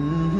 Mm-hmm.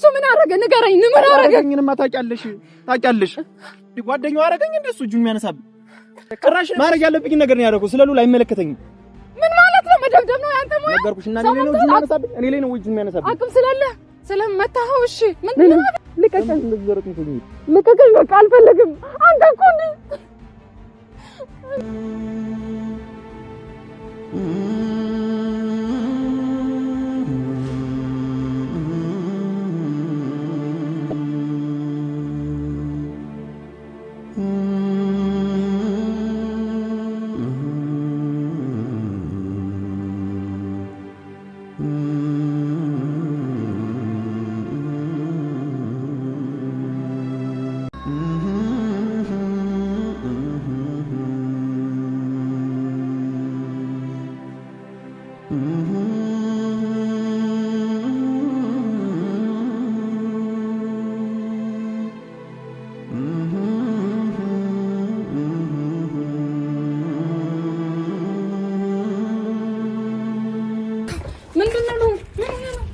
እሱ ምን አረገ? ንገረኝ። ምን አረገ? እኔንማ ታውቂያለሽ፣ ታውቂያለሽ። ጓደኛው አረገኝ እንደ እሱ እጁን የሚያነሳብኝ ጭራሽ ማድረግ ያለብኝ ነገር ነው ያደረኩት። ስለ ሉላ አይመለከተኝም። ምን ማለት ነው? መደብደብ ነው ያንተ ሞያ? ነገርኩሽ እና እኔ ነው እጁን የሚያነሳብኝ፣ እኔ ላይ ነው እጁን የሚያነሳብኝ። አቅም ስላለ ስለመታኸው። እሺ ምን ምን ልቀቀኝ፣ ልቀቀኝ፣ በቃ አልፈልግም። አንተ እኮ እንደ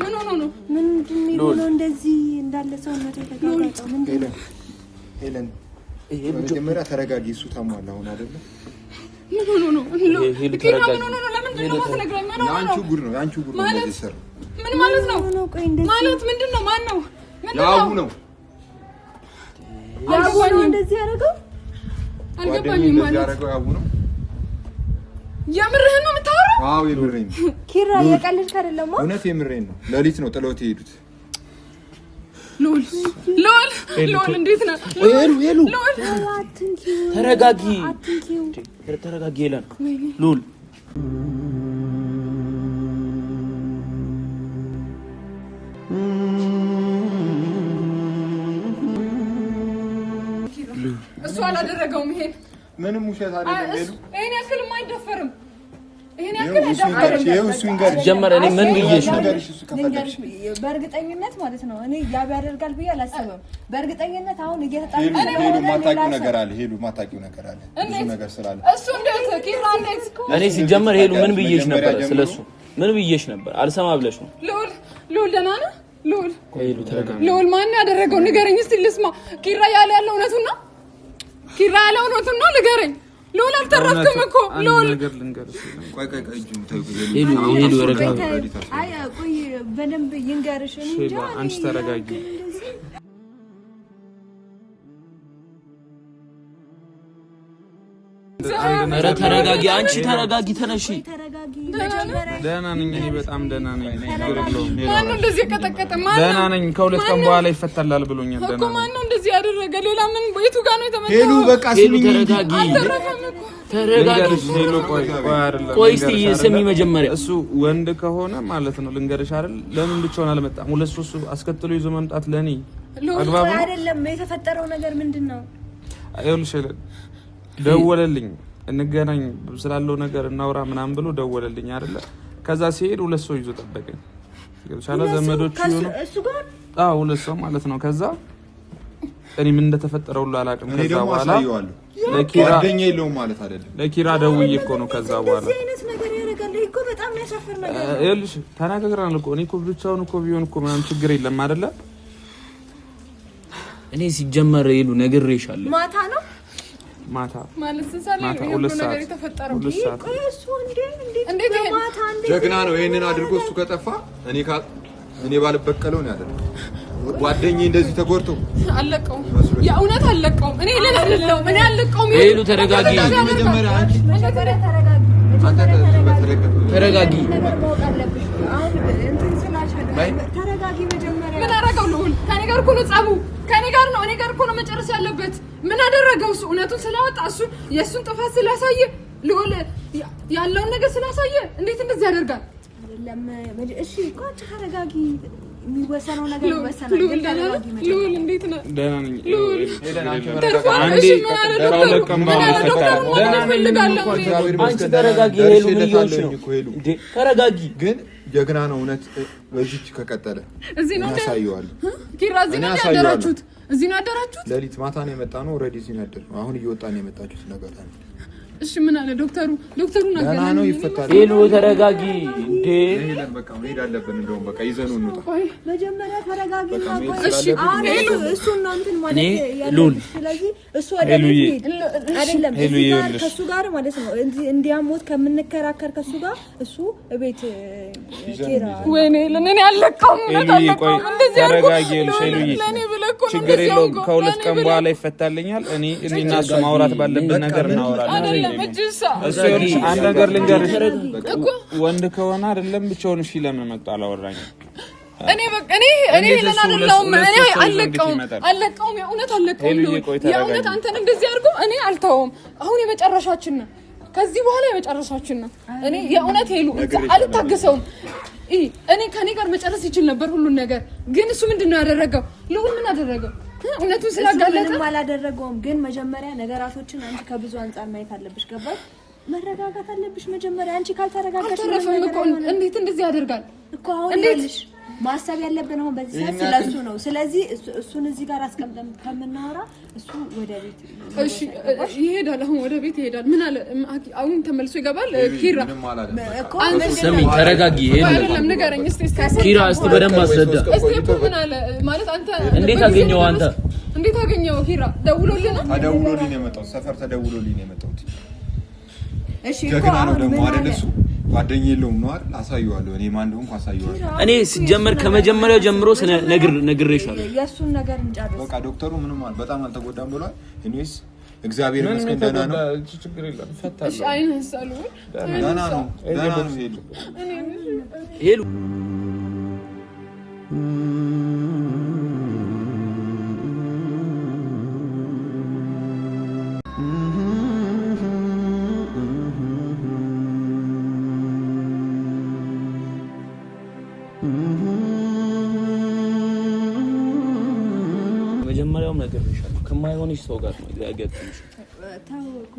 ምን ሆኖ ነው? ምንድን ነው እንደዚህ እንዳለ ሰውነቱ የተጋጋጠው ምንድን ነው? ሄለን መጀመሪያ ተረጋጊ። እሱ ታሟል አሁን አይደለ? ምን ሆኖ ነው? የአንቺ ጉድ ማለት ምንድን ነው? ማን ነው ያቡ ነው እንደዚህ ያደረገው። አልገባኝም ማለት ያቡ ነው የምርህን ነው የምታወራው? አዎ የምርህን ነው ኪራ፣ የቀልድክ አይደለም። እውነት የምርህን ነው። ሌሊት ነው ጥለውት የሄዱት። ሎል ሎል ሎል፣ እንዴት ነህ? ሄሉ ሄሉ፣ ተረጋጊ፣ ተረጋጊ። ሄለን ሎል እሱ አላደረገውም። ይሄን ምንም ውሸት አይደለም ሄሉ አልደፈርም። ጀመረ እኔ ምን ብዬሽ ነው? በእርግጠኝነት ማለት ነው እኔ ያብ ያደርጋል ብዬ አላሰበም። በእርግጠኝነት አሁን እየተጣጣ ነገር አለ፣ ሄሉ ነገር አለ፣ ብዙ ነገር ስላለ እሱ እኔ ሲጀመር ሄሉ ምን ብዬሽ ነበር? ስለሱ ምን ብዬሽ ነበር? አልሰማ ብለሽ ነው። ልዑል ልዑል ደህና ነህ? ማነው ያደረገው ንገረኝ እስኪ ልስማ። ኪራ ያለ ያለ እውነቱን ነው? ኪራ ያለ እውነቱን ነው ንገረኝ ልውል አልተረፍክም እኮ ልውል። ቆይ በደንብ ይንገርሽ አንቺ ተረጋጊ ኧረ ተረጋጊ፣ አንቺ ተረጋጊ፣ ተነሺ። ደህና ነኝ እኔ በጣም ደህና ነኝ። ደህና ነኝ። ከሁለት ቀን በኋላ ይፈታላል ብሎኛል። ደህና ነኝ። ማነው እንደዚህ ያደረገ? ሌላ ምን ቤቱ ጋር ነው የተመጣው? ሄሉ በቃ ስሚኝ፣ ተረጋጊ ተረጋጊ ቆይ እስኪ መጀመሪያ እሱ ወንድ ከሆነ ማለት ነው ልንገርሽ አይደል ለምን ብቻውን አልመጣም ሁለት ሶስት አስከትሎ ይዞ መምጣት ለእኔ አግባብ አይደለም የተፈጠረው ነገር ምንድን ነው ይኸውልሽ ደወለልኝ እንገናኝ ስላለው ነገር እናውራ ምናምን ብሎ ደወለልኝ አይደለ። ከዛ ሲሄድ ሁለት ሰው ይዞ ጠበቀኝ። ሻላ ዘመዶች ሆኑ ሁለት ሰው ማለት ነው። ከዛ እኔ ምን እንደተፈጠረ ሁሉ አላውቅም። ከዛ በኋላ ለኪራ ደውዬ እኮ ነው ከዛ በኋላ ይኸውልሽ ተናግረናል እኮ እኔ እኮ ብቻውን እኮ ቢሆን እኮ ምናምን ችግር የለም አይደለ። እኔ ሲጀመር ይሉ ነግሬሻለሁ ማታ ነው ማታ ጀግና ነው። ይህንን አድርጎ እሱ ከጠፋ እኔ ባልበቀለው ነው ያለ ጓደኛ እንደዚህ ተጎድቶ አለቀውም። የእውነት አለቀውም። እኔ ለን አለለውም እኔ አለቀውም። ሄሉ ተረጋጊ፣ ተረጋጊ። ምን አደረገው ልዑል? ከኔ ጋር እኮ ነው ጸቡ፣ ከኔ ጋር ነው፣ እኔ ጋር እኮ ነው መጨረስ ያለበት ምን አደረገው? እሱ እውነቱን ስላወጣ እሱ የእሱን ጥፋት ስላሳየ ልሆነ ያለውን ነገር ስላሳየ እንዴት እንደዚህ ያደርጋል? ተረጋጊ። ተረጋጊ ግን ጀግና ነው እውነት። በዚች ከቀጠለ እዚህ ነው ያሳየዋል። ኪራ እዚህ ነው ያደራችሁት እዚህ ነው ያደራችሁት? ሌሊት ማታ ነው የመጣ ነው። ኦልሬዲ እዚህ ነው ያደር አሁን እየወጣ ነው የመጣችሁት ነገር እሺ ምን አለ ዶክተሩ? ዶክተሩ ነው ይፈታል። ሄሎ ተረጋጊ። እንዴ በቃ እንደውም በቃ ይዘኑ መጀመሪያ ተረጋጊ። እሺ እሱ ማለት ስለዚህ እሱ አይደለም ከሱ ጋር ማለት ነው እንዲያሞት ከምንከራከር ከሱ ጋር እሱ ቤት ለኔ ችግር የለውም። ከሁለት ቀን በኋላ ይፈታልኛል። እኔ እኔና እሱ ማውራት ባለብን ነገር እናወራለን። አንድ ነገር ልንገርሽ ወንድ ከሆነ አይደለም ብቻውን እሺ ለምን መጣ አላወራኝ እኔ በቃ እኔ እኔ ለና እኔ አልለቀውም አልለቀውም፣ የእውነት አልለቀውም። የእውነት አንተን እንደዚህ አድርጎ እኔ አልተውም። አሁን የመጨረሻችን ነው፣ ከዚህ በኋላ የመጨረሻችን ነው። እኔ የእውነት ሄሉ አልታገሰውም። እኔ ከኔ ጋር መጨረስ ይችል ነበር ሁሉን ነገር፣ ግን እሱ ምንድን ነው ያደረገው? ልዑል ምን አደረገው? እውነቱን ስላጋለጠ ምንም አላደረገውም። ግን መጀመሪያ ነገራቶችን አንቺ ከብዙ አንጻር ማየት አለብሽ። ገባሽ? መረጋጋት አለብሽ መጀመሪያ። አንቺ ካልተረጋጋሽ አልተረፈም እኮ እንዴት እንደዚህ ያደርጋል እኮ አሁን ልሽ ማሰብ ያለብን አሁን በዚህ ሰዓት ስለሱ ነው። ስለዚህ እሱን እዚህ ጋር አስቀምጠን ከምናወራ እሱ ወደ ቤት እሺ ይሄዳል። አሁን ወደ ቤት ይሄዳል። ምን አለ አሁን ተመልሶ ይገባል። ኪራ ስሚ፣ ተረጋጊ። ይሄ አይደለም ንገረኝ እስቲ እስቲ ኪራ፣ እስቲ በደንብ አስረዳ እስቲ። እኮ ምን አለ ማለት አንተ እንዴት አገኘው? አንተ እንዴት አገኘው? ኪራ ደውሎልኝ ነው። ተደውሎልኝ ነው የመጣሁት። ሰፈር ተደውሎልኝ ነው የመጣሁት ጀግና ነው ደግሞ አይደል እሱ ጓደኛ የለውም ነው አይደል? አሳየዋለሁ እኔ ማን እንደሆንኩ አሳየዋለሁ። እኔ ሲጀመር ከመጀመሪያው ጀምሮ ነግር ነግሬሻለሁ። የእሱን ነገር እንጨርስ በቃ። ዶክተሩ ምንም አለ በጣም አልተጎዳም ብሏል። ኢኒዌይስ እግዚአብሔር ይመስገን ደህና ነው። እሺ አይነት ሳልሆን ደህና ነው ደህና ነው ሄሉ መጀመሪያውም መጀመሪያውም ነግሬሻለሁ፣ ከማይሆንሽ ሰው ጋር ነው ያገጠምሽ። ታወኩ።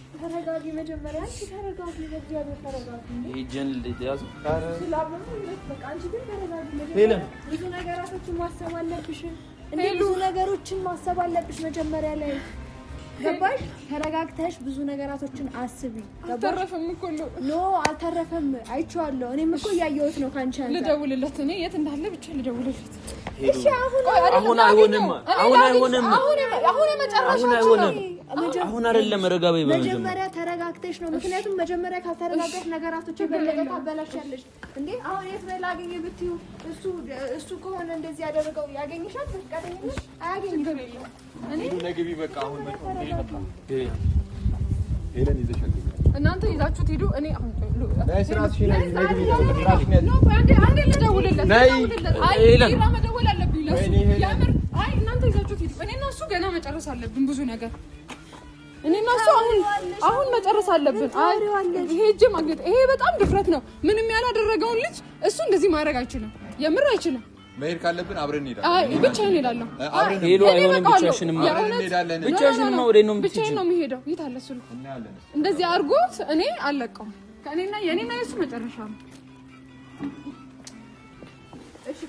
ተረጋጊ፣ መጀመሪያ አንቺ ተረጋጊ። በእግዚአብሔር ተረጋጊ። አንቺ ግን ተረጋጊ። ብዙ ነገራቶችን ማሰብ አለብሽ፣ ብዙ ነገሮችን ማሰብ አለብሽ። መጀመሪያ ላይ ገባሽ? ተረጋግተሽ ብዙ ነገራቶችን አስቢ። አልተረፈም እኮ ኖ፣ አልተረፈም። አይቼዋለሁ። እኔም እኮ እያየሁት ነው። ከአንቺ ልደውልለት፣ እኔ የት እንዳለ ብቻ ልደውልለት። አሁን አይሆንም፣ አሁን አይሆንም፣ አሁን የመጨረሻ ነው አሁን አይደለም ረጋ በይ። መጀመሪያ ተረጋግተሽ ነው። ምክንያቱም መጀመሪያ ካልተረጋጋሽ ነገራቶች የበለጠ ታበላሻለሽ። እንዴ አሁን የት ላይ ላገኝ ብትይው እሱ እሱ ከሆነ እንደዚህ ያደረገው ያገኝሻል? ፈቃደኝነሽ አያገኝም። እኔ ነግቢ በቃ አሁን ሄለን ይዘሻል። እናንተ ይዛችሁት ሄዱ። እኔ ነይ ስራሽን ነግቢ። ስራሽን አንዴ ልደውልለት ነይ ሄለን መደወል አለብኝ ለሱ ያምር። አይ እናንተ ይዛችሁት ሄዱ። እኔ እና እሱ ገና መጨረስ አለብን ብዙ ነገር እኔና እሱ አሁን አሁን መጨረስ አለብን። ይሄ እጅ ማግኘት ይሄ በጣም ድፍረት ነው። ምንም ያላደረገውን ልጅ እሱ እንደዚህ ማድረግ አይችልም። የምር አይችልም። መሄድ ካለብን አብረን እንሄዳለን። ብቻ እንሄዳለን። ብቻዬን ነው የምሄደው። የት አለ እሱ? እንደዚህ አድርጎት እኔ አልለቀውም። ከእኔና የእኔና የእሱ መጨረሻ ነው። እሺ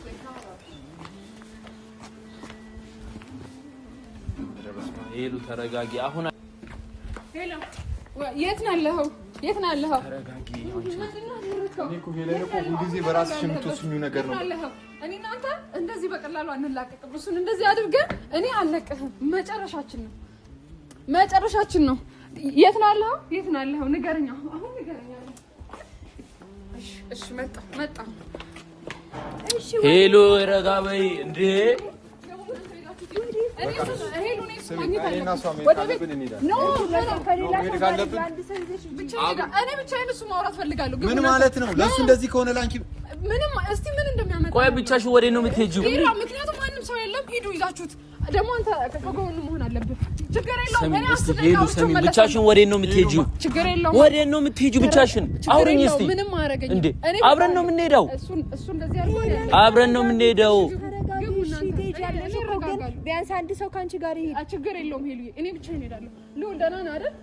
ሄሉ ተረጋጊ አሁን የት ነው ያለኸው? የት ነው ያለኸው? በራስሽ የምትወስኙ ነገር ነው። እኔ እናንተ እንደዚህ በቀላሉ አንላቀቅም። እሱን እንደዚህ አድርገን እኔ አልለቅህም። መጨረሻችን ነው፣ መጨረሻችን ነው። የት ነው ያለኸው? የት ነው ያለኸው? ንገረኝ፣ አሁን ንገረኝ። እሺ፣ መጣ መጣ። ሄሎ፣ ረጋ በይ እንዴ ብቻዬን እሱ ማውራት ፈልጋለሁ። ምን ማለት ነው? ለእሱ እንደዚህ ከሆነ ላንቺ ምንም እስቲ ምን እንደሚያመጣ ቆይ፣ ብቻሽ ወደ ነው የምትሄጂው? ምክንያቱም ማንም ሰው የለም። ሂዱ ይዛችሁት። ደግሞ አንተ ከጎኑ መሆን አለብህ። ችግር የለውም። እኔ አስደናችሁ መለሰ። ብቻሽን ወዴት ነው የምትሄጂው? ችግር የለውም። ወዴት ነው የምትሄጂው? ብቻሽን አውሪኝ እስቲ። ምንም አረጋኝ እንዴ? አብረን ነው የምንሄደው። አብረን ነው የምንሄደው። ግን ቢያንስ አንድ ሰው ከአንቺ ጋር ይሄድ። ችግር የለውም ሄሉ፣ እኔ ብቻ እሄዳለሁ። ልሁን ደህና ነህ አይደል?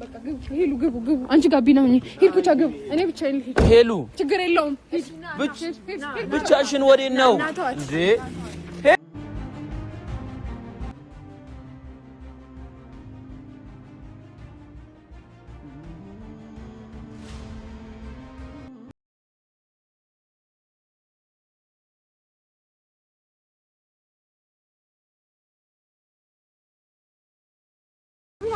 በቃ ግቡ፣ ሄሉ ግቡ፣ ግቡ። አንቺ ጋቢ ነው ሄድ፣ ብቻ ግቡ። እኔ ብቻ ሄሉ፣ ችግር የለውም ብቻሽን። ወዴት ነው እንዴ?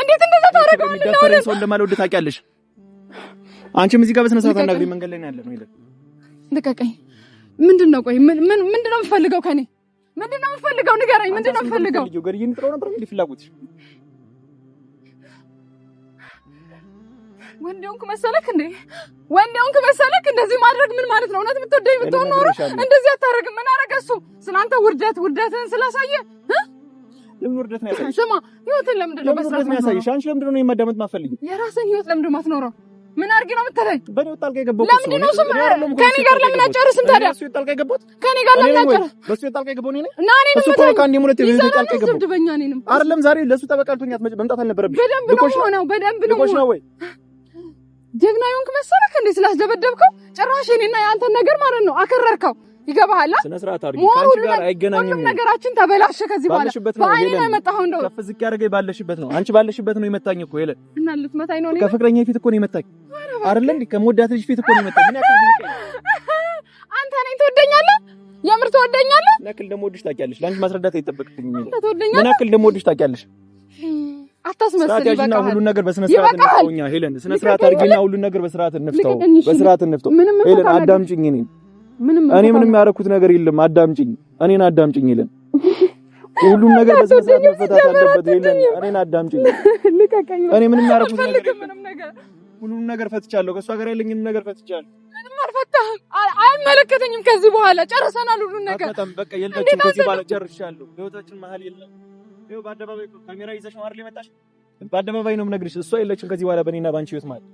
እንዴት እንደዛ ታደርጋለህ? ደፈረኝ ሰው እንደማልወድ ታውቂያለሽ። አንቺም እዚህ ጋር በስነ ስርዓት አናግሪ። መንገድ ላይ ነው ያለ ነው ይላል። ልቀቀኝ። ምንድን ነው ቆይ፣ ምን ምን ምንድን ነው የምፈልገው? ከኔ ምንድን ነው የምፈልገው? ንገረኝ። ምንድን ነው የምፈልገው? ገርዬን ጥለው ነበር እንዴ ፍላጎትሽ? ወንዴውንክ መሰለክ እንዴ? ወንዴውንክ መሰለክ? እንደዚህ ማድረግ ምን ማለት ነው? እውነት የምትወደኝ ብትሆን ኖሮ እንደዚህ አታደርግም። ምን አደረገ እሱ? ስላንተ ውርደት ውርደትን ስላሳየ ለምን ውርደት ነው ያሳይሽ? ስማ ህይወትን ለምንድን ነው በስራት ነው ያሳይሽ? አንቺ ለምንድን ነው የማዳመጥ የራስን ህይወት ለምንድን ነው ማትኖረው? ምን አድርጌ ነው የምትለኝ? በኔ ጣልቃ የገባሁት ለምንድን ነው? ከኔ ጋር ለምን አጨርስም ታዲያ? እሱ ጣልቃ የገባሁት ከኔ ጋር ለምን አጨርስ? በሱ ጣልቃ የገባሁት እኔ ነኝ። እና እኔ ነው የምትለኝ? ካንዴ ሙለት የዚህ ጣልቃ የገባሁት ድበኛ ነኝ ነው አይደለም? ዛሬ ለሱ ተበቃልቶኝ መምጣት አልነበረብኝ። በደንብ ነው ነው በደንብ ነው ነው ወይ ጀግና ይሁንክ መሰለህ እንዴ? ስላስደበደብከው ጭራሽ እኔና የአንተን ነገር ማለት ነው አከረርከው። ይገባሃል። ስነ ስርዓት አድርጊ። ካንቺ ጋር አይገናኝም። ሁሉም ነገራችን ተበላሸ። ከዚህ በኋላ በአይኔ ነው የመጣኸው። እንደው ከፍ ዝቅ ያደረገኝ ባለሽበት ነው። አንቺ ባለሽበት ነው የመታኝ እኮ ሄለን። እና ልትመታኝ ነው? ከፍቅረኛ ፊት እኮ ነው የመታኝ አይደለ እንዴ? ከመወዳት ልጅ ፊት እኮ ነው የመታኝ። አንተ ነኝ ትወደኛለህ? የምር ትወደኛለህ? ምን ያክል እንደምወድሽ ታውቂያለሽ። ለአንቺ ማስረዳት አይጠበቅብኝም። ምን ያክል እንደምወድሽ ታውቂያለሽ። አታስመስል። ይበቃ ሁሉን ነገር በስነስርዓት ስርዓት እንፍታው። ሄለን፣ ስነስርዓት ስርዓት አድርጊና ሁሉን ነገር በስርዓት እንፍታው። በስርዓት እንፍታው ሄለን፣ አዳምጪኝ እኔን እኔ ምንም ያደረኩት ነገር የለም። አዳምጪኝ፣ እኔን አዳምጪኝ ይለን ሁሉም ነገር ነገር ፈትቻለሁ። ከእሷ ጋር ያለኝን ነገር ፈትቻለሁ። አይመለከተኝም። ከዚህ በኋላ ጨርሰናል። ሁሉ ነገር አትመጣም። በቃ የለችም። ከዚህ በኋላ ጨርሻለሁ። ህይወታችን መሀል የለም። በአደባባይ ካሜራ ይዘሽ ማር ሊመጣሽ በአደባባይ ነው የምነግርሽ። እሷ የለችም ከዚህ በኋላ በእኔና በአንቺ ህይወት ማለት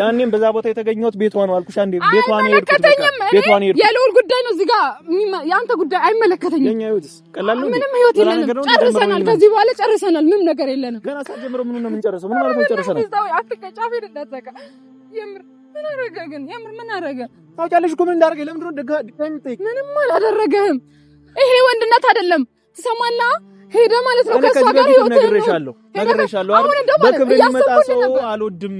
ያኔም በዛ ቦታ የተገኘሁት ቤቷ ነው አልኩሽ። አንዴ ቤቷ ነው የሄድኩት። ቤቷ ነው የልዑል ጉዳይ ነው እዚህ ጋር የአንተ ጉዳይ አይመለከተኝም። የኛ ህይወትስ ቀላል ነው። ምንም ህይወት የለንም። ጨርሰናል። ከዚህ በኋላ ጨርሰናል። ምንም ነገር የለንም። ገና ሳትጀምረው ምኑን ነው የምንጨርሰው? ምን ማለት ነው ጨርሰናል? አትቀጫ ፌድ እንዳትዘጋ። የምር ምን አደረገ ግን? የምር ምን አደረገ? ታውቂያለሽ እኮ ምን እንዳደረገ። ለምንድን ነው ድጋሚ ምንም አላደረገህም። ይሄ ወንድነት አይደለም። ትሰማና ሄደ ማለት ነው። ከሷ ጋር ህይወት ነግሬሻለሁ ነግሬሻለሁ አይደል? በክብር የሚመጣ ሰው አልወድም።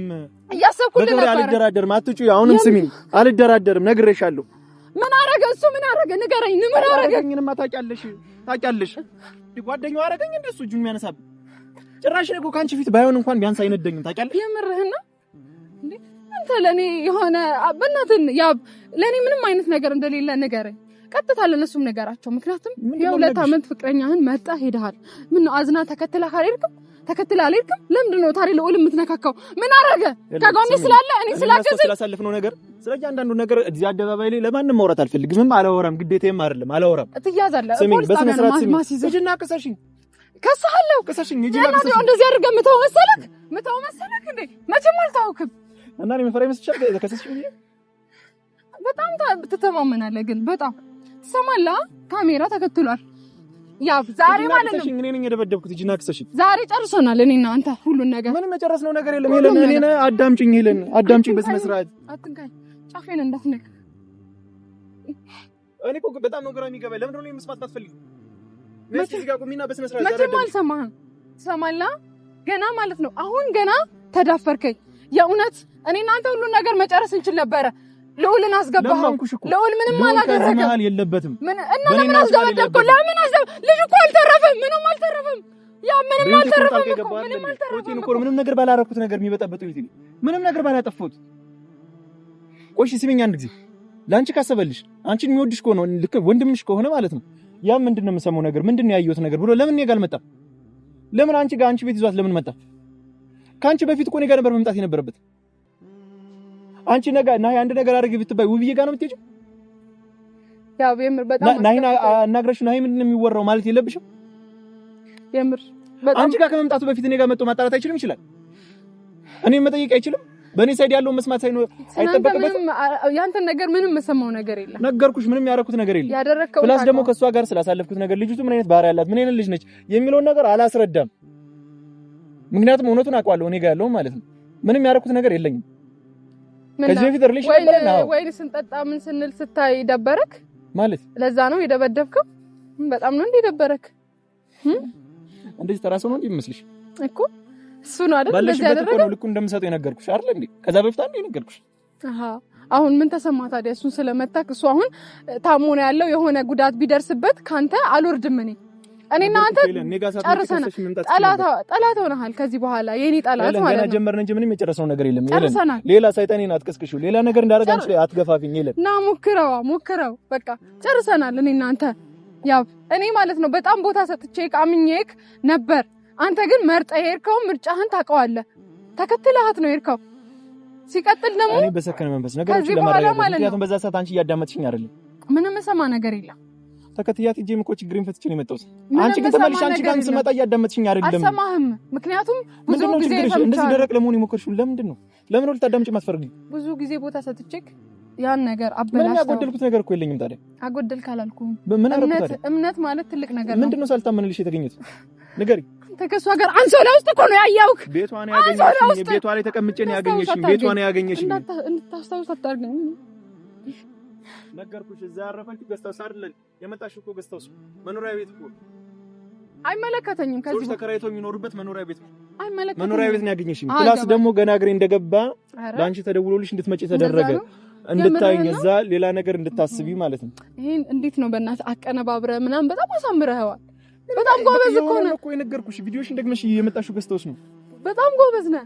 እያሰብኩልህ ነበር። አልደራደርም። አትጩ። አሁንም ስሚኝ፣ አልደራደርም። ነግሬሻለሁ። ምን አረገ እሱ? ምን አረገ? ንገረኝ። ምን አረገ? እኔንማ ታውቂያለሽ፣ ታውቂያለሽ። ጓደኛው አረገኝ እሱ እጁን የሚያነሳብኝ ጭራሽ ደግሞ ከአንቺ ፊት ባይሆን እንኳን ቢያንስ አይነደኝም። ታውቂያለሽ። የምርህን ነው እንዴ? አንተ ለኔ የሆነ በእናትህ ያ ለኔ ምንም አይነት ነገር እንደሌለ ንገረኝ ቀጥታ ለነሱም ነገራቸው። ምክንያቱም የሁለት ዓመት ፍቅረኛህን መጣ ሄደሃል። ምን ነው አዝና ተከትላ ካልሄድክም ተከትላ አልሄድክም። ለምንድን ነው ታዲያ ልዑል የምትነካካው? ምን አረገ? ከጎኔ ስላለ እኔ ስላገዝ ነው ነገር ስለዚህ አንዳንዱ ነገር እዚህ አደባባይ ላይ ለማንም ማውራት ምንም አላወራም፣ ግዴታዬም አይደለም አላወራም። ትያዛለህ። ስሚኝ፣ በስነ ስርዓት ስሚኝ። እጅና ቅሰሽኝ ከሳለሁ ቅሰሽኝ። እጅና ቅሰሽኝ። እንደዚህ አድርገህ ምተው መሰለክ ምተው መሰለክ እንዴ? መቼም አልታወክም እና እኔ መፈራ ይመስልሻል? ከሰስሽኝ በጣም ትተማመናለህ ግን በጣም ሰማላ ካሜራ ተከትሏል። ያ ዛሬ ማለት ነው እኔ ነኝ የደበደብኩት። እጅና ክሰሽኝ ዛሬ ጨርሶናል። እኔና አንተ ሁሉን ነገር ምንም የጨረስነው ነገር የለም። ሄለን እኔ አዳምጪኝ፣ ሄለን አዳምጪኝ በስነ ስርዓት አትንካይ ጫፌን እንዳትነካ። እኔ እኮ በጣም ነው ግራ የሚገባኝ። ለምን ነው የምስማት አትፈልጊ? መስኪ ጋር ቁሚና በስነ ስርዓት መቼም አልሰማህም። ሰማላ ገና ማለት ነው አሁን ገና ተዳፈርከኝ። የእውነት እኔና አንተ ሁሉን ነገር መጨረስ እንችል ነበረ። ልዑልን አስገባኸው። ልዑል ምንም አላደረገም። የለበትም ምን እና ለምን አስደበደብከው? ለምን አስደበደብ? ልጁ እኮ አልተረፈም፣ ምንም አልተረፈም። ያ ምንም አልተረፈም እኮ ምንም ምንም ነገር ባላረኩት ነገር የሚበጠበጥ ይሄ ምንም ነገር ባላጠፉት። ቆይ እሺ ስሚኝ አንድ ጊዜ ለአንቺ ካሰበልሽ አንቺን የሚወድሽ ከሆነ ልክ ወንድምሽ ከሆነ ማለት ነው ያ ምንድን ነው የምሰማው ነገር ምንድን ነው ያየሁት ነገር ብሎ ለምን እኔ ጋር አልመጣም? ለምን አንቺ ጋር አንቺ ቤት ይዟት ለምን መጣ? ከአንቺ በፊት እኮ እኔ ጋር ነበር መምጣት የነበረበት። አንቺ ነገ ናይ አንድ ነገር አድርግ ብትባይ ውብዬ ጋር ነው የምትሄጂው። ያው የምር በጣም ናይን አናግረሽው ናይ ምንድን ነው የሚወራው ማለት የለብሽም። የምር አንቺ ጋር ከመምጣቱ በፊት እኔ ጋር መጥቶ ማጣራት አይችልም? ይችላል። እኔ መጠየቅ አይችልም? በእኔ ሳይድ ያለውን መስማት ሳይኖር አይጠበቅበትም። ያንተ ነገር ምንም የምሰማው ነገር የለም። ነገርኩሽ፣ ምንም ያደረኩት ነገር የለም። ያደረከው ፕላስ ደግሞ ከእሷ ጋር ስላሳለፍኩት ነገር ልጅቱ ምን አይነት ባህሪ ያላት ምን አይነት ልጅ ነች የሚለውን ነገር አላስረዳም። ምክንያቱም እውነቱን አውቀዋለሁ እኔ ጋር ያለውን ማለት ነው። ምንም ያደረኩት ነገር የለኝም። ከዚህ በፊት ሪሌሽን ነበር ወይን ስንጠጣ ምን ስንል ስታይ ደበረክ ማለት ለዛ ነው የደበደብከው? በጣም ነው እንዴ ደበረክ? እንደዚህ ተራ ሰው ነው እንዴ እኮ እሱ ነው አይደል እንደዚህ ያደረገው። ልኩ እንደምሰጠው የነገርኩሽ አይደል እንዴ? ከዛ በፊት አንዴ የነገርኩሽ። አሃ አሁን ምን ተሰማ ታዲያ? እሱን ስለመታክ እሱ አሁን ታሞ ነው ያለው። የሆነ ጉዳት ቢደርስበት ካንተ አልወርድም እኔ እኔና አንተ ጨርሰናል። ጠላት ሆነሃል። ከዚህ በኋላ የኔ ጠላት ማለት ነው። ጀመርን እንጂ ምንም የጨረስነው ነገር የለም። ጨርሰናል። ሌላ ሰይጣኔን አትቀስቅሽው። ሌላ ነገር እንዳደረግ አንቺ አትገፋፊኝ። የለም ና ሞክረዋ ሞክረው። በቃ ጨርሰናል። እኔና አንተ ያው እኔ ማለት ነው በጣም ቦታ ሰጥቼ ቃምኜክ ነበር። አንተ ግን መርጠ የሄድከው ምርጫህን ታውቀዋለህ። ተከትለሃት ነው የሄድከው። ሲቀጥል ደግሞ እኔ በሰከነ መንፈስ ነገር ለማድረግ ምክንያቱም በዛ ሰዓት አንቺ እያዳመጥሽኝ አይደለም። ምንም ሰማ ነገር የለም ተከትያት እጄ ምኮ ችግሬን ፈትቼ ነው የመጣሁት። አንቺ ግን ተመልሽ። አንቺ ጋር ስመጣ እያዳመጥሽኝ አይደለም። አልሰማህም። ምክንያቱም ብዙ ጊዜ እንደዚህ ደረቅ ለመሆን የሞከርሽው ለምንድን ነው? ለምን ነው ልታዳምጪ የማትፈርጊው? ብዙ ጊዜ ቦታ ሰጥቼክ ያን ነገር አበላሽ። ምን ያጎደልኩት ነገር እኮ የለኝም። ታዲያ አጎደልክ አላልኩህም? እምነት ማለት ትልቅ ነገር ነው። ምንድን ነው ሳልታመንልሽ የተገኘሁት? ንገሪኝ። ተከሱ ሀገር አንሶላ ውስጥ እኮ ነው ያየሁህ። ቤቷ ላይ ተቀምጬ ነው ያገኘሽኝ። ቤቷ ላይ ያገኘሽኝ። እንዳታስታውስ አታድርገኝ ነገርኩሽ። እዛ ያረፈችው ገዝታውስ አይደለን የመጣሽ እኮ ገዝታውስ መኖሪያ ቤት እኮ አይመለከተኝም። ከዚህ ተከራይቶ የሚኖርበት መኖሪያ ቤት አይመለከተኝም። መኖሪያ ቤት ነው ያገኘሽኝ። ፕላስ ደግሞ ገና እግሬ እንደገባ ለአንቺ ተደውሎልሽ እንድትመጪ ተደረገ። እንድታይኝ እዛ ሌላ ነገር እንድታስቢ ማለት ነው። ይሄን እንዴት ነው በእናትህ አቀነባብረ ምናምን በጣም አሳምረኸዋል። በጣም ጎበዝ እኮ ነው እኮ የነገርኩሽ። ቪዲዮሽን ደግመሽ የመጣሽው ገዝታውስ ነው። በጣም ጎበዝ ነህ።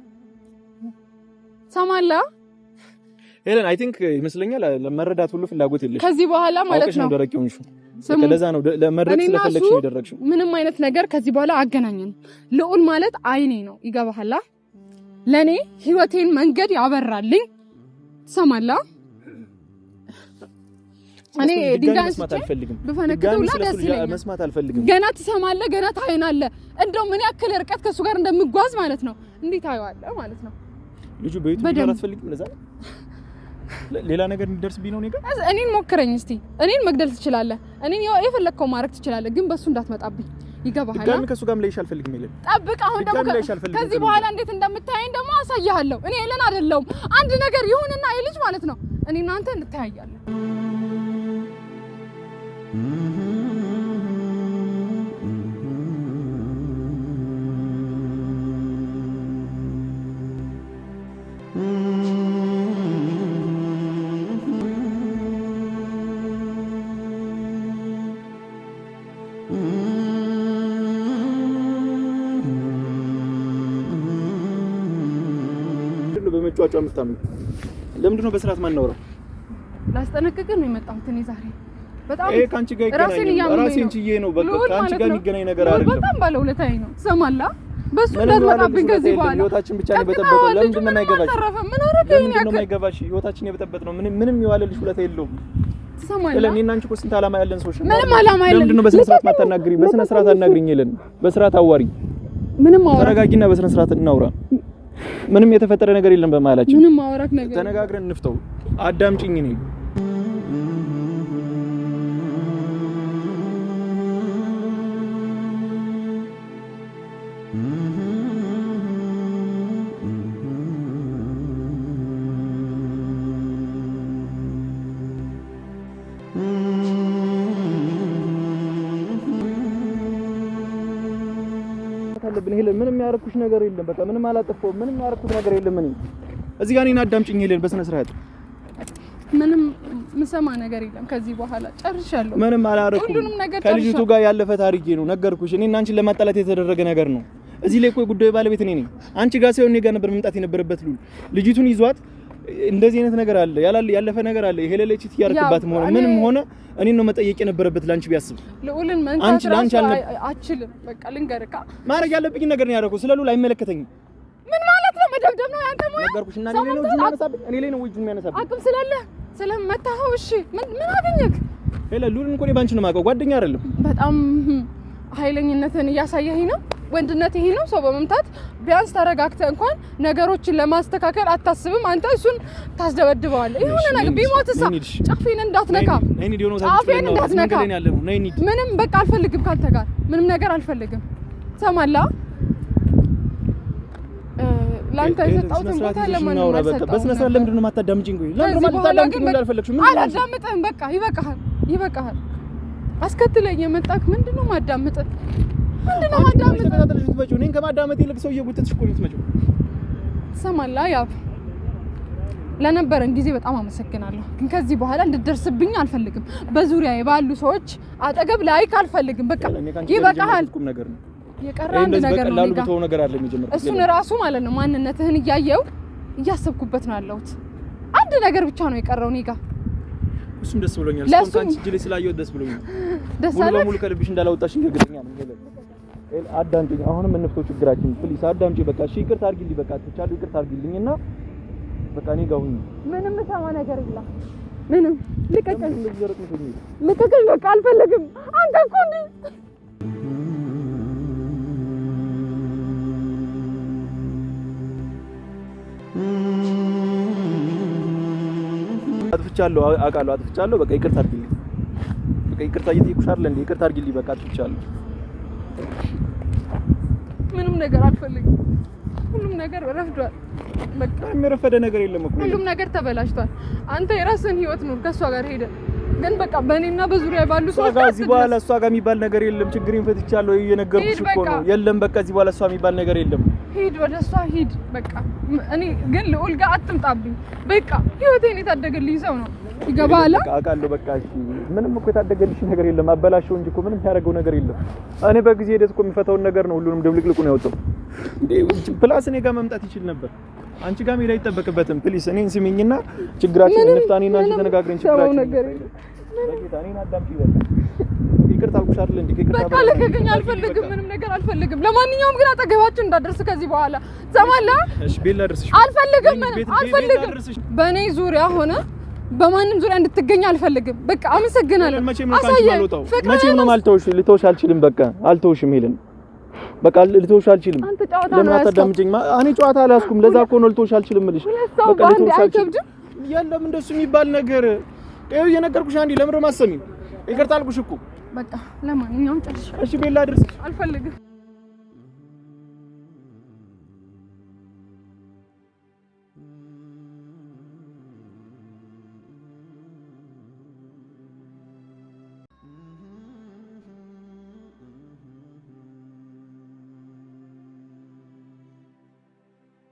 ሰማላ ሄለን አይ ቲንክ ይመስለኛል ለመረዳት ሁሉ ፍላጎት የለሽም። ከዚህ በኋላ ማለት ነው ደረቅ ሆንሽ። ለዛ ነው ለመድረክ ስለፈለግሽ ነው የደረግሽው። ምንም አይነት ነገር ከዚህ በኋላ አገናኘን። ልዑል ማለት አይኔ ነው። ይገባሃላ? ለእኔ ህይወቴን መንገድ ያበራልኝ ሰማላ እኔ ድንጋይ አልፈልግም፣ ብፈነክተው ደስ ይለኛል። ገና ትሰማለህ፣ ገና ታይናለ። እንደው ምን ያክል ርቀት ከእሱ ጋር እንደምጓዝ ማለት ነው። እንዴት ታየዋለህ ማለት ነው። ልጁ በዩቱብ አትፈልግም ለዛ ነው ሌላ ነገር እንዲደርስብኝ ነው። እኔ ጋር እኔን ሞክረኝ እስቲ። እኔን መግደል ትችላለህ። እኔን የፈለግከው ማድረግ ትችላለህ፣ ግን በእሱ እንዳትመጣብኝ። ይገባሃል? ጋር ከሱ ጋር ላይሽ አልፈልግም። ይለን ጠብቅ። አሁን ደግሞ ከዚህ በኋላ እንዴት እንደምታየኝ ደግሞ አሳያለሁ። እኔ ሄለን አይደለሁም። አንድ ነገር ይሁንና ይልጅ ማለት ነው እኔ እናንተ እንተያያለን በአፍንጫው የምታምኑ? ለምንድን ነው በስርዓት ማናወራው? ላስጠነቅቅህ ነው የመጣሁት እኔ ዛሬ። በጣም ይሄ ካንቺ ጋር ይገናኝ ራሴን ችዬ ነው በቃ ካንቺ ጋር የሚገናኝ ነገር አይደለም። በጣም ባለውለታዬ ነው። ሰማላ በሱ እንዳትመጣብኝ ከዚህ በኋላ ህይወታችን ብቻ ነው የበጠበጠው። ለምንድን ነው የማይገባሽ? ምን አደረገኝ? ለምንድን ነው የማይገባሽ? ህይወታችን የበጠበጥ ነው። ምንም ምንም የዋለልሽ ውለታ የለውም። ትሰማለህ? ለኔ እና አንቺ እኮ ስንት ዓላማ ያለን ሰዎች ነን። ምንም ዓላማ የለን። ለምንድን ነው በስነ ስርዓት ማታናግሪኝ? በስነ ስርዓት አናግሪኝ። የለን በስርዓት አዋሪኝ። ምንም አዋሪ። ተረጋጊና በስነ ስርዓት እናውራ። ምንም የተፈጠረ ነገር የለም በመሀላችን። ምንም አወራክ ነገር ተነጋግረን እንፍተው። አዳምጪኝ ነኝ አለብን። ሄለን ምንም ያደረኩሽ ነገር የለም። በቃ ምንም አላጠፋሁም። ምንም ያደረኩት ነገር የለም። እኔ እዚህ ጋር እኔን አዳምጪኝ ሄለን፣ በስነ ስርዓት ምንም ምሰማ ነገር የለም። ከዚህ በኋላ ጨርሻለሁ። ምንም አላደረኩም። ከልጅቱ ጋር ያለፈ ታሪኬ ነው። ነገርኩሽ። እኔ እና አንቺን ለማጣላት የተደረገ ነገር ነው። እዚህ ላይ እኮ ጉዳዩ ባለቤት እኔ ነኝ። አንቺ ጋር ሳይሆን እኔ ጋር ነበር መምጣት የነበረበት። ልጅቱን ይዟት እንደዚህ አይነት ነገር አለ፣ ያላል ያለፈ ነገር አለ። ይሄ ለለች ትያርክባት መሆን ምንም ሆነ እኔ ነው መጠየቅ የነበረበት ላንቺ ቢያስብ ልዑልን መንካት ራሱ አችልም። በቃ ልንገርካ ማድረግ ያለብኝ ነገር ነው ያደረኩት። ስለ ልዑል አይመለከተኝም። ምን ማለት ነው? መደብደብ ነው ያንተ ሙያ ነገርኩሽ። እና እኔ ነው እጁን የሚያነሳብኝ፣ እኔ ላይ ነው እጁን የሚያነሳብኝ። አቅም ስላለ ስለመታኸው። እሺ ምን ምን አገኘክ ሄለ ልዑልን እኮ እኔ ባንቺ ነው የማውቀው፣ ጓደኛ አይደለም። በጣም ኃይለኝነትን እያሳየኸኝ ነው ወንድነት ይሄ ነው። ሰው በመምታት ቢያንስ ተረጋግተህ እንኳን ነገሮችን ለማስተካከል አታስብም። አንተ እሱን ታስደበድበዋለህ። የሆነ ነገር ቢሞትሳ ጫፌን እንዳትነካ፣ ጫፌን እንዳትነካ። ምንም በቃ አልፈልግም፣ ካንተ ጋር ምንም ነገር አልፈልግም። ሰማላ ለአንተ የሰጣሁትን ቦታ ለማንም አልሰጠሁም። በስነ ስርዓት ለምንድን ነው የማታዳምጪኝ? አላዳምጥህም። በቃ ይበቃሃል፣ ይበቃሃል። አስከትለኝ የመጣህ ምንድን ነው የማዳምጥህ? እኔን ከማዳመጥ ይልቅ ሰው እየጎተትሽ እኮ ነው የምትመጪው። ትሰማለህ? ያብ ለነበረን ጊዜ በጣም አመሰግናለሁ፣ ግን ከዚህ በኋላ እንድደርስብኝ አልፈልግም። በዙሪያዬ ባሉ ሰዎች አጠገብ ላይክ አልፈልግም። በቃ ይበቃሃል። የቀረ አንድ ነገር ነው። እሱን እራሱ ማለት ነው ማንነትህን እያየው እያሰብኩበት ነው ያለሁት። አንድ ነገር ብቻ ነው የቀረው እኔ ጋር እሱም ደስ ብሎኛል። ስፖንታንቺ ጅሌ ስላየሁት ደስ ብሎኛል። ደስ አለህ? ሙሉ ከልብሽ እንዳላወጣሽ እርግጠኛ ነኝ። አዳምጪኝ። አሁንም እንፍቶ ችግራችን ፕሊስ፣ አዳምጪ። በቃ እሺ፣ ይቅርታ አድርጊልኝ። በቃ አጥቻለሁ፣ ይቅርታ አድርጊልኝና በቃ እኔ ጋር ሁኚ። ምንም ሰማ ነገር የለም። ምንም ልቀቀኝ፣ ልቀቀኝ። በቃ አልፈልግም። አንተ እኮ እንደ አጥፍቻለሁ፣ አውቃለሁ፣ አጥፍቻለሁ። በቃ ይቅርታ አድርጊልኝ። በቃ ይቅርታ እየጠየኩሽ አይደል እንዴ? ይቅርታ አድርጊልኝ። በቃ አጥፍቻለሁ። ሁሉም ነገር አልፈልግም። ሁሉም ነገር ረፍዷል። በቃ የሚረፈደ ነገር የለም እኮ ሁሉም ነገር ተበላሽቷል። አንተ የራስህን ህይወት ኑር ከእሷ ጋር ሄደ ግን በቃ በእኔና በዙሪያ ባሉ ሰዎች ጋር እዚህ በኋላ እሷ ጋር የሚባል ነገር የለም። ችግሬን ፈትቻለሁ። እየነገርኩሽ እኮ ነው። የለም በቃ እዚህ በኋላ እሷ የሚባል ነገር የለም። ሂድ፣ ወደ እሷ ሂድ። በቃ እኔ ግን ልዑል ጋር አትምጣብኝ። በቃ ህይወቴን የታደገልኝ ሰው ነው ይገባል። አውቃለሁ። በቃ እሺ፣ ምንም እኮ የታደገልሽ ነገር የለም። አበላሸው እንጂ እኮ ምንም ያደረገው ነገር የለም። እኔ በጊዜ ሂደት እኮ የሚፈታውን ነገር ነው ሁሉንም ድብልቅልቁ ነው ያወጣው። ፕላስ እኔ ጋር መምጣት ይችል ነበር። አንቺ ጋር መሄድ አይጠበቅበትም። ፕሊስ፣ እኔን ስሚኝና ችግራችን እንፍታ። እኔና አንቺ ተነጋግረን ችግራችን ነገር ይቅርታ አልኩሽ አይደል እንዴ? ይቅርታ በቃ ለቀቀኝ። አልፈልግም፣ ምንም ነገር አልፈልግም። ለማንኛውም ግን አጠገባችን እንዳደርስ ከዚህ በኋላ ሰማላ። እሺ፣ ቤት ላድርስሽ። አልፈልግም፣ አልፈልግም። በእኔ ዙሪያ ሆነ በማንም ዙሪያ እንድትገኝ አልፈልግም። በቃ አመሰግናለሁ። ፍቅር አሳየኝ አልተውሽ ልተውሽ አልችልም። በቃ አልተውሽም ሄለን በቃ ልትወሽ አልችልም። ለምን አታዳምጪኝ? እኔ ጨዋታ አላስኩም። ለዛ እኮ ነው ልትወሽ አልችልም እልሽ። በቃ ልትወሽ አልችልም። የለም እንደሱ የሚባል ነገር ይኸው የነገርኩሽ። አንዴ ለምንድን ነው የማሰሚው? ይቅርታ አልኩሽ እኮ በቃ። ለማንኛውም ጨርሻለሁ። እሺ ቤላ ድርስ አልፈልግም